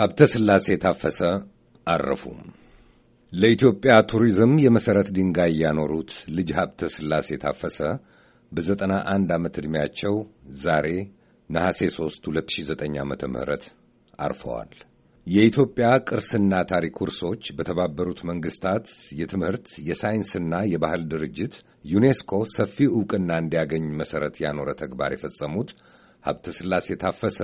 ሀብተ ስላሴ ታፈሰ አረፉም። ለኢትዮጵያ ቱሪዝም የመሠረት ድንጋይ ያኖሩት ልጅ ሀብተ ስላሴ ታፈሰ በዘጠና አንድ ዓመት ዕድሜያቸው ዛሬ ነሐሴ 3 2009 ዓ ም አርፈዋል። የኢትዮጵያ ቅርስና ታሪክ ኩርሶች በተባበሩት መንግስታት የትምህርት የሳይንስና የባህል ድርጅት ዩኔስኮ ሰፊ ዕውቅና እንዲያገኝ መሠረት ያኖረ ተግባር የፈጸሙት ሀብተ ሥላሴ ታፈሰ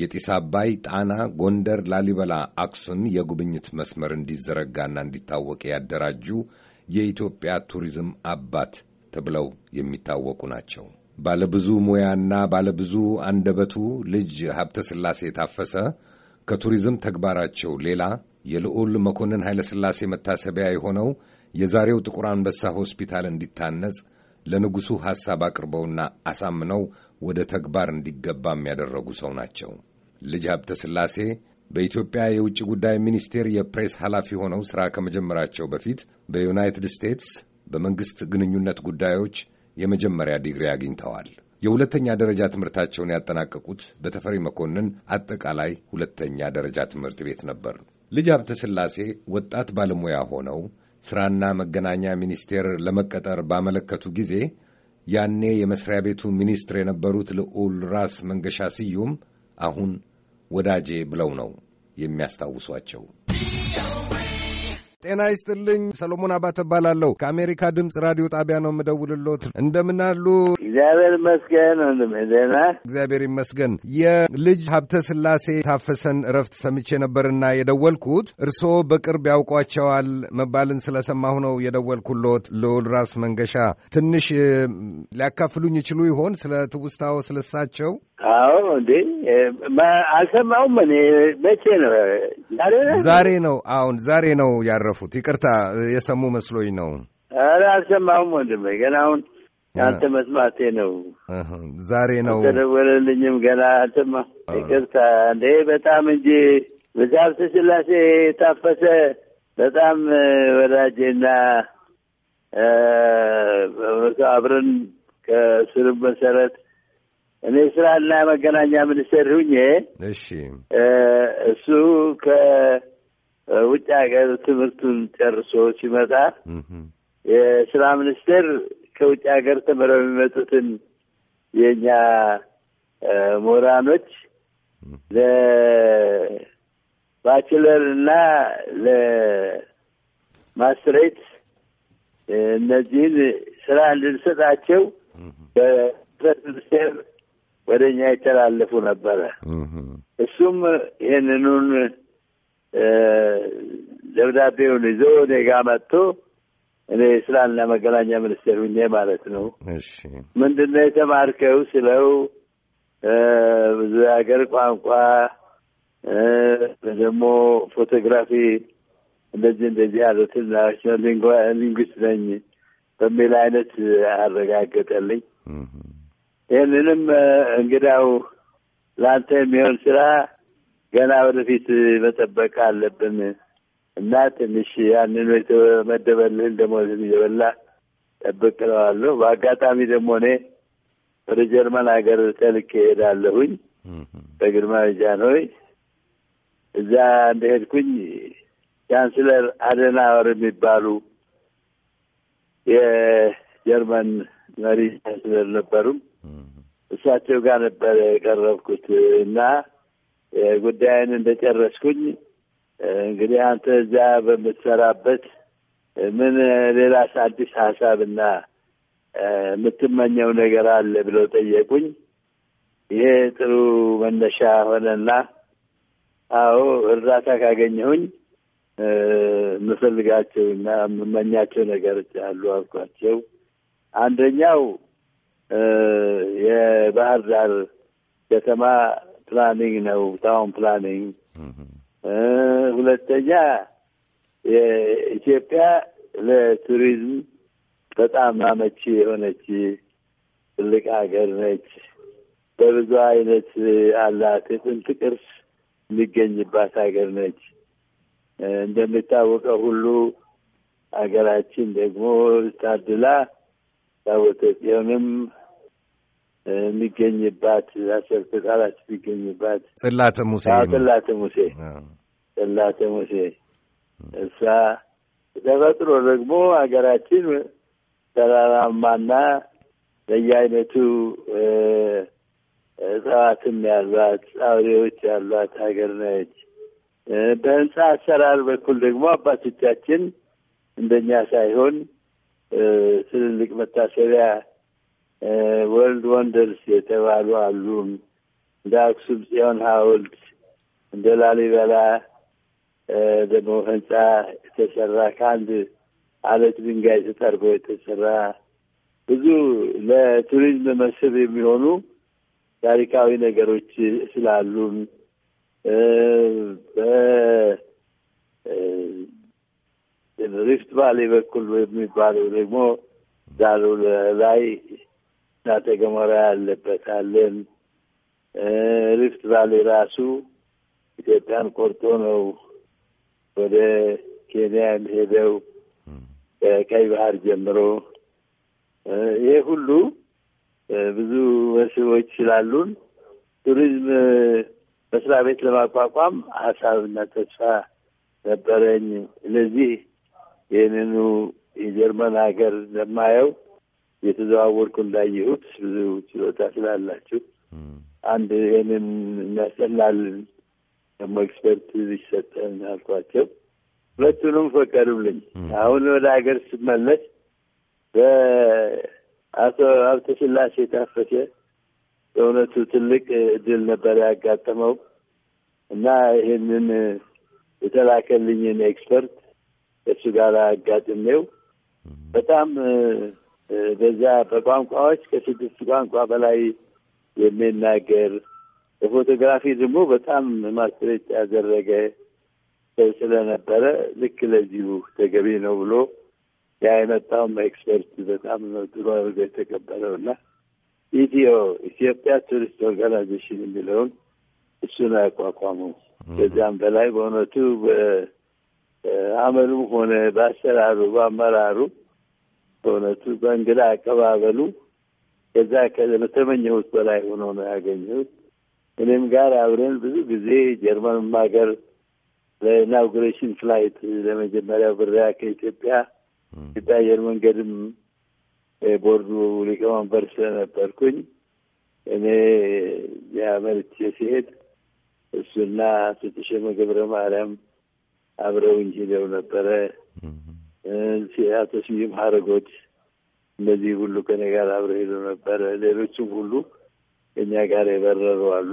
የጢስ አባይ፣ ጣና፣ ጎንደር፣ ላሊበላ፣ አክሱም የጉብኝት መስመር እንዲዘረጋና እንዲታወቅ ያደራጁ የኢትዮጵያ ቱሪዝም አባት ተብለው የሚታወቁ ናቸው። ባለብዙ ሙያና ባለብዙ አንደበቱ ልጅ ሀብተ ሥላሴ ታፈሰ ከቱሪዝም ተግባራቸው ሌላ የልዑል መኮንን ሥላሴ መታሰቢያ የሆነው የዛሬው ጥቁር አንበሳ ሆስፒታል እንዲታነጽ ለንጉሡ ሐሳብ አቅርበውና አሳምነው ወደ ተግባር እንዲገባም ያደረጉ ሰው ናቸው። ልጅ ሀብተ ሥላሴ በኢትዮጵያ የውጭ ጉዳይ ሚኒስቴር የፕሬስ ኃላፊ ሆነው ሥራ ከመጀመራቸው በፊት በዩናይትድ ስቴትስ በመንግሥት ግንኙነት ጉዳዮች የመጀመሪያ ዲግሪ አግኝተዋል። የሁለተኛ ደረጃ ትምህርታቸውን ያጠናቀቁት በተፈሪ መኮንን አጠቃላይ ሁለተኛ ደረጃ ትምህርት ቤት ነበር። ልጅ ሀብተ ሥላሴ ወጣት ባለሙያ ሆነው ሥራና መገናኛ ሚኒስቴር ለመቀጠር ባመለከቱ ጊዜ ያኔ የመስሪያ ቤቱ ሚኒስትር የነበሩት ልዑል ራስ መንገሻ ስዩም አሁን ወዳጄ ብለው ነው የሚያስታውሷቸው። ጤና ይስጥልኝ። ሰሎሞን አባተ እባላለሁ። ከአሜሪካ ድምፅ ራዲዮ ጣቢያ ነው የምደውልሎት። እንደምን አሉ? እግዚአብሔር ይመስገን። ዜና እግዚአብሔር ይመስገን። የልጅ ሀብተ ስላሴ ታፈሰን እረፍት ሰምቼ ነበርና የደወልኩት እርስዎ በቅርብ ያውቋቸዋል መባልን ስለሰማሁ ነው የደወልኩሎት። ልዑል ራስ መንገሻ ትንሽ ሊያካፍሉኝ ይችሉ ይሆን ስለ ትውስታዎ ስለሳቸው? አዎ እንዴ አልሰማውም። እኔ መቼ ነው? ዛሬ ዛሬ ነው። አሁን ዛሬ ነው ያረፉት። ይቅርታ የሰሙ መስሎኝ ነው። ኧረ አልሰማውም ወንድሜ፣ ገና አሁን አንተ መስማቴ ነው። ዛሬ ነው ተደወለልኝም፣ ገና አልሰማ። ይቅርታ እንዴ በጣም እንጂ በዛብተ ስላሴ የታፈሰ በጣም ወዳጄና አብረን ከስርብ መሰረት እኔ ስራና መገናኛ ሚኒስቴር ሁኜ እሺ፣ እሱ ከውጭ ሀገር ትምህርቱን ጨርሶ ሲመጣ የስራ ሚኒስቴር ከውጭ ሀገር ተምረው የሚመጡትን የእኛ ምሁራኖች ለባችለር እና ለማስትሬት እነዚህን ስራ እንድንሰጣቸው በትምህርት ሚኒስቴር ወደ እኛ ይተላለፉ ነበረ። እሱም ይህንኑን ደብዳቤውን ይዞ እኔ ጋ መጥቶ እኔ ስራና መገናኛ ሚኒስቴር ሁኜ ማለት ነው። ምንድን ነው የተማርከው ስለው ብዙ የሀገር ቋንቋ ደግሞ ፎቶግራፊ እንደዚህ እንደዚህ ያሉትን ናሽናል ሊንጉስት ነኝ በሚል አይነት አረጋገጠልኝ። ይህንንም እንግዳው ለአንተ የሚሆን ስራ ገና ወደፊት መጠበቅ አለብን እና ትንሽ ያንን የተመደበልህን ደሞዝ እየበላ ጠብቅ እለዋለሁ። በአጋጣሚ ደግሞ እኔ ወደ ጀርመን ሀገር ተልኬ እሄዳለሁኝ በግርማዊ ጃንሆይ እዛ እንደሄድኩኝ ቻንስለር አደናወር የሚባሉ የጀርመን መሪ ቻንስለር ነበሩም እሳቸው ጋር ነበረ የቀረብኩት እና ጉዳይን እንደጨረስኩኝ እንግዲህ አንተ እዚያ በምትሰራበት ምን ሌላ አዲስ ሀሳብና የምትመኘው ነገር አለ ብለው ጠየቁኝ። ይሄ ጥሩ መነሻ ሆነና አዎ እርዳታ ካገኘሁኝ የምፈልጋቸውና የምመኛቸው ነገር አሉ አልኳቸው። አንደኛው የባህር ዳር ከተማ ፕላኒንግ ነው፣ ታውን ፕላኒንግ። ሁለተኛ የኢትዮጵያ ለቱሪዝም በጣም አመቺ የሆነች ትልቅ ሀገር ነች። በብዙ አይነት አላት። የጥንት ቅርስ የሚገኝባት ሀገር ነች። እንደሚታወቀው ሁሉ ሀገራችን ደግሞ ታድላ ታቦተ ጽዮንም የሚገኝባት አስር ተጻላት የሚገኝባት ጽላተ ሙሴ ጽላተ ሙሴ ጽላተ ሙሴ እሳ ተፈጥሮ ደግሞ ሀገራችን ተራራማና ለየአይነቱ እጽዋትም ያሏት አውሬዎች ያሏት ሀገር ነች። በህንፃ አሰራር በኩል ደግሞ አባቶቻችን እንደኛ ሳይሆን ትልልቅ መታሰቢያ ወርልድ ወንደርስ የተባሉ አሉ። እንደ አክሱም ጽዮን ሐውልት እንደ ላሊበላ ደግሞ ህንፃ የተሰራ ከአንድ አለት ድንጋይ ተጠርቦ የተሰራ ብዙ ለቱሪዝም መስህብ የሚሆኑ ታሪካዊ ነገሮች ስላሉ በሪፍት ቫሌ በኩል የሚባለው ደግሞ ዛሉ ላይ እሳተ ገሞራ አለን። ሪፍት ቫሊ ራሱ ኢትዮጵያን ቆርጦ ነው ወደ ኬንያ የሚሄደው ከቀይ ባህር ጀምሮ። ይሄ ሁሉ ብዙ መስህቦች ስላሉን ቱሪዝም መስሪያ ቤት ለማቋቋም ሀሳብና ተስፋ ነበረኝ። ስለዚህ ይህንኑ የጀርመን ሀገር እንደማየው የተዘዋወርኩ እንዳየሁት ብዙ ችሎታ ስላላችሁ አንድ ይህንን የሚያስጠላል ደግሞ ኤክስፐርት ይሰጠን አልኳቸው። ሁለቱንም ፈቀዱልኝ። አሁን ወደ ሀገር ስመለስ በአቶ ሀብተ ስላሴ ታፈሰ በእውነቱ ትልቅ እድል ነበር ያጋጠመው እና ይህንን የተላከልኝን ኤክስፐርት እሱ ጋር አጋጥሜው በጣም በዛ በቋንቋዎች ከስድስት ቋንቋ በላይ የሚናገር በፎቶግራፊ ደግሞ በጣም ማስረጫ ያደረገ ሰው ስለነበረ ልክ ለዚሁ ተገቢ ነው ብሎ ያ የመጣውም ኤክስፐርት በጣም ነው ጥሩ አድርጎ የተቀበለው እና ኢትዮ ኢትዮጵያ ቱሪስት ኦርጋናይዜሽን የሚለውን እሱን አያቋቋሙ ከዚያም በላይ በእውነቱ በአመሉም ሆነ በአሰራሩ በአመራሩ በእውነቱ በእንግዳ አቀባበሉ ከዛ ከተመኘሁት በላይ ሆኖ ነው ያገኘሁት። እኔም ጋር አብረን ብዙ ጊዜ ጀርመን ሀገር ለኢናውጉሬሽን ፍላይት ለመጀመሪያ ብሪያ ከኢትዮጵያ ኢትዮጵያ አየር መንገድም ቦርዱ ሊቀመንበር ስለነበርኩኝ እኔ የአመርቼ ሲሄድ እሱና ስትሸመ ገብረ ማርያም አብረውኝ ሄደው ነበረ። አቶ ስዩም ሀረጎት እነዚህ ሁሉ ከኔ ጋር አብረ ሄዶ ነበረ። ሌሎችም ሁሉ ከኛ ጋር የበረሩ አሉ።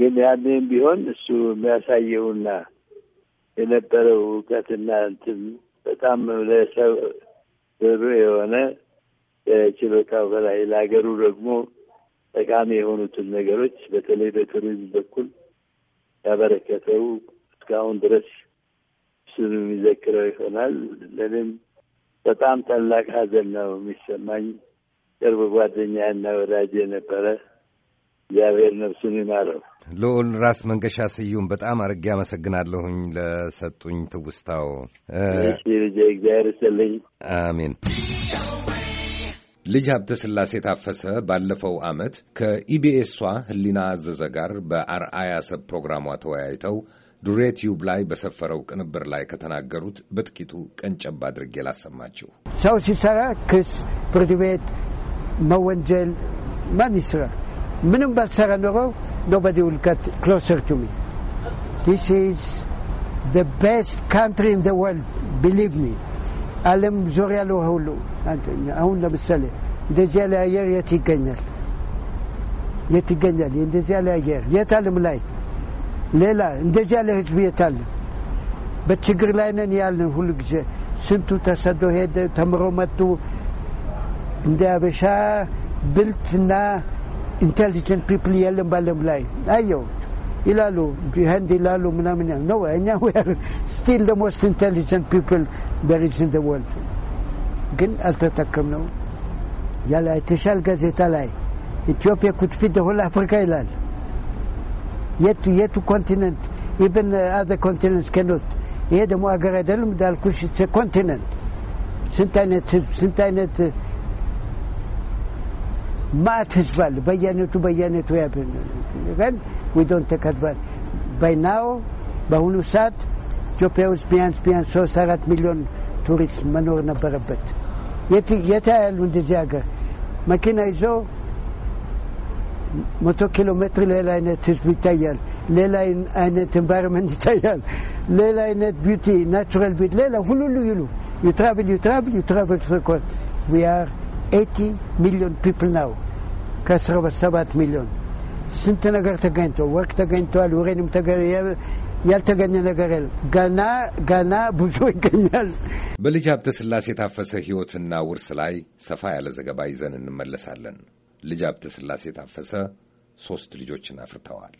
ግን ያኔም ቢሆን እሱ የሚያሳየውና የነበረው እውቀትና እንትን በጣም ለሰው ብሩ የሆነ ችሎታው በላይ ለሀገሩ ደግሞ ጠቃሚ የሆኑትን ነገሮች በተለይ በቱሪዝም በኩል ያበረከተው እስካሁን ድረስ እሱን የሚዘክረው ይሆናል። ለእኔም በጣም ታላቅ ሐዘን ነው የሚሰማኝ። ቅርብ ጓደኛና ወዳጅ የነበረ እግዚአብሔር ነፍሱን ይማረው። ልዑል ራስ መንገሻ ስዩም በጣም አድርጌ አመሰግናለሁኝ ለሰጡኝ ትውስታው። እሺ ልጄ እግዚአብሔር ይስጥልኝ። አሜን። ልጅ ሀብተ ታፈሰ ባለፈው ዓመት ከኢቢኤሷ ህሊና አዘዘ ጋር በአርአያ ሰብ ፕሮግራሟ ተወያይተው ዱሬ ቲዩብ ላይ በሰፈረው ቅንብር ላይ ከተናገሩት በጥቂቱ ቀንጨብ አድርጌ ላሰማችሁ። ሰው ሲሰራ ክስ፣ ፍርድ ቤት መወንጀል ማን ይስራ? ምንም ባልሰራ ኖሮ ኖባዲ ውልከት ገት ክሎሰር ቱ ሚ ዲስ ኢዝ ዘ ቤስት ካንትሪ ኢን ዘ ወርልድ ቢሊቭ ሚ ዓለም ዙሪያ ለሁሉ አሁን ለምሳሌ እንደዚህ ያለ አየር የት ይገኛል? የት ይገኛል? እንደዚህ ያለ አየር የት ዓለም ላይ ሌላ እንደዚህ ያለ ህዝብ የት አለ? በችግር ላይ ነን ያልን ሁሉ ጊዜ ስንቱ ተሰዶ ሄደ፣ ተምሮ መጡ። እንደ አበሻ ብልትና ኢንቴሊጀንት ፒፕል የለም ባለም ላይ አየው ይላሉ ቢሃንድ ይላሉ ምናምን ነው። እኛ ስቲል ዘ ሞስት ኢንቴሊጀንት ፒፕል ዜር ኢዝ ኢን ዘ ወርልድ ግን አልተጠቀም ነው ያለ የተሻል ጋዜጣ ላይ ኢትዮጵያ ኩትፊት ሆል አፍሪካ ይላል የቱ የቱ ኮንቲነንት ኢቨን አዘ ኮንቲነንት ከኖት ይሄ ደግሞ አገር አይደለም እንዳልኩሽ ኮንቲነንት ስንት አይነት ህዝብ ስንት አይነት uh, ማአት ህዝብ አለ በየአይነቱ በየአይነቱ ግን ዊዶን ተከድባል ባይናው በአሁኑ ሰዓት ኢትዮጵያ ውስጥ ቢያንስ ቢያንስ ሶስት አራት ሚሊዮን ቱሪስት መኖር ነበረበት። የት ያሉ እንደዚህ ሀገር መኪና ይዞ መቶ ኪሎ ሜትር ሌላ አይነት ህዝብ ይታያል። ሌላ አይነት ኤንቫይሮንመንት ይታያል። ሌላ አይነት ቢዩቲ ናቹራል ቢዩቲ ሌላ ሁሉሉ ይሉ ዩ ትራቭል ዩ ትራቭል ዩ ትራቭል ሶኮት ዊ አር ኤቲ ሚሊዮን ፒፕል ናው ከአስራ ሰባት ሚሊዮን ስንት ነገር ተገኝቶ ወርቅ ተገኝተዋል። ዩሬኒየም ያልተገኘ ነገር የለም። ገና ገና ብዙ ይገኛል። በልጅ ሀብተ ስላሴ የታፈሰ ህይወትና ውርስ ላይ ሰፋ ያለ ዘገባ ይዘን እንመለሳለን። ልጅ ሀብተ ስላሴ ታፈሰ ሶስት ልጆችን አፍርተዋል።